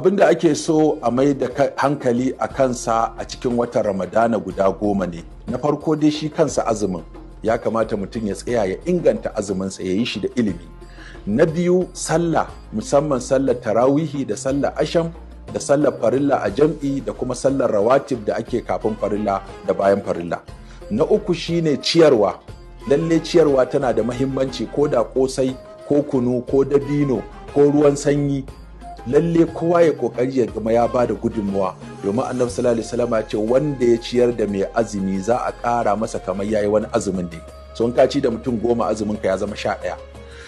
abin da ake so a mai da hankali a kansa a cikin watan ramadana guda goma ne na farko dai shi kansa azumin ya kamata mutum ya tsaya ya inganta azumin ya yi shi da ilimi na biyu sallah musamman sallar tarawihi da sallar asham da sallar farilla a jam'i da kuma sallar rawatib da ake kafin farilla da bayan farilla na uku shine ciyarwa lalle ciyarwa tana da mahimmanci ko da kosai ko kunu ko dabino ko ruwan sanyi lalle kowa ya kokari ya gama ya ba da gudunmawa domin annabi sallallahu alaihi wasallam ya ce wanda ya ciyar da mai azumi za a ƙara masa kamar yayi wani azumin dai so in ka ci da mutum goma azumin ka ya zama sha ɗaya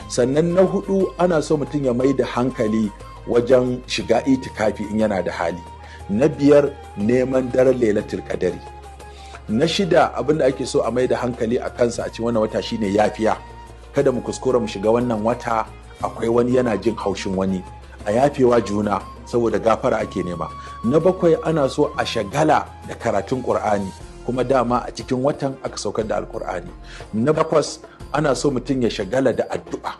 sannan na hudu ana so mutum ya mai da hankali wajen shiga itikafi in yana da hali na biyar neman daren lailatul qadari na shida abin da ake so a mai da hankali a kansa a cikin wannan wata shine yafiya kada mu kuskura mu shiga wannan wata akwai wani yana jin haushin wani a yafewa juna saboda gafara ake nema na bakwai ana so a shagala da karatun ƙur'ani kuma dama a cikin watan aka saukar da alƙur'ani na bakwas ana so mutum ya shagala da addu'a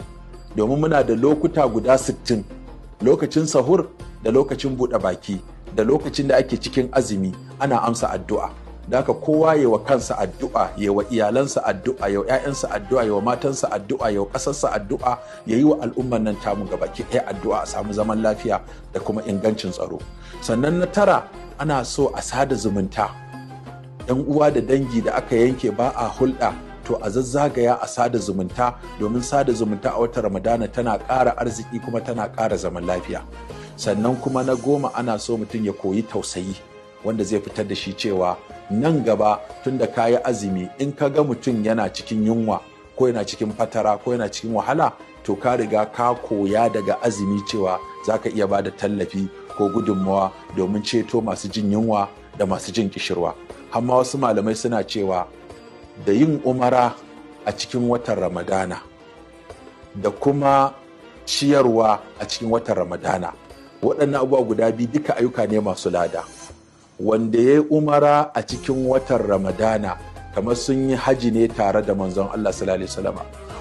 domin muna da lokuta guda 60 lokacin sahur da lokacin buɗe baki da lokacin da ake cikin azumi ana amsa addu'a da aka kowa ya wa kansa addu'a ya wa iyalansa addu'a ya wa 'ya'yansa addu'a ya wa matansa addu'a ya wa ƙasarsa addu'a ya yi wa al'ummar nan tamu gabaki ɗaya addu'a a samu zaman lafiya da kuma ingancin tsaro sannan na tara ana so a sada zumunta yan uwa da dangi da aka yanke ba a hulɗa to a zazzagaya a sada zumunta domin sada zumunta a wata ramadana tana ƙara arziki kuma tana ƙara zaman lafiya sannan kuma na goma ana so mutum ya koyi tausayi wanda zai fitar da shi cewa nan gaba tun da ka yi azumi in ka ga mutum yana cikin yunwa ko yana cikin fatara ko yana cikin wahala to ka riga ka koya daga azumi cewa za ka iya ba da tallafi ko gudunmawa domin ceto masu jin yunwa da masu jin kishirwa amma wasu malamai suna cewa da yin umara a cikin watan ramadana da kuma ciyarwa a cikin watan ramadana waɗannan abubuwa guda biyu duka ayyuka ne masu lada wanda ya yi umara a cikin watan ramadana kamar sun yi haji ne tare da manzon Allah salama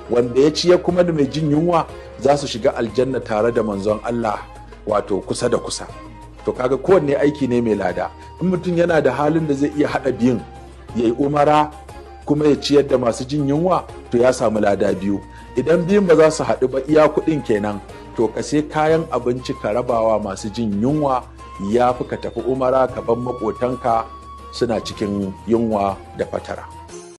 wanda ya ciye kuma da mai jin yunwa za su shiga aljanna tare da manzon Allah wato kusa da kusa to kaga kowanne aiki ne mai lada in mutum yana da halin da zai iya haɗa biyun ya yi umara kuma ya ciyar da masu jin yunwa to ya samu lada biyu idan biyun ba za su haɗu ba iya kuɗin kenan to ka sai kayan abinci ka rabawa masu jin yunwa ya fi ka tafi umara ka ban maƙotanka suna cikin yunwa da fatara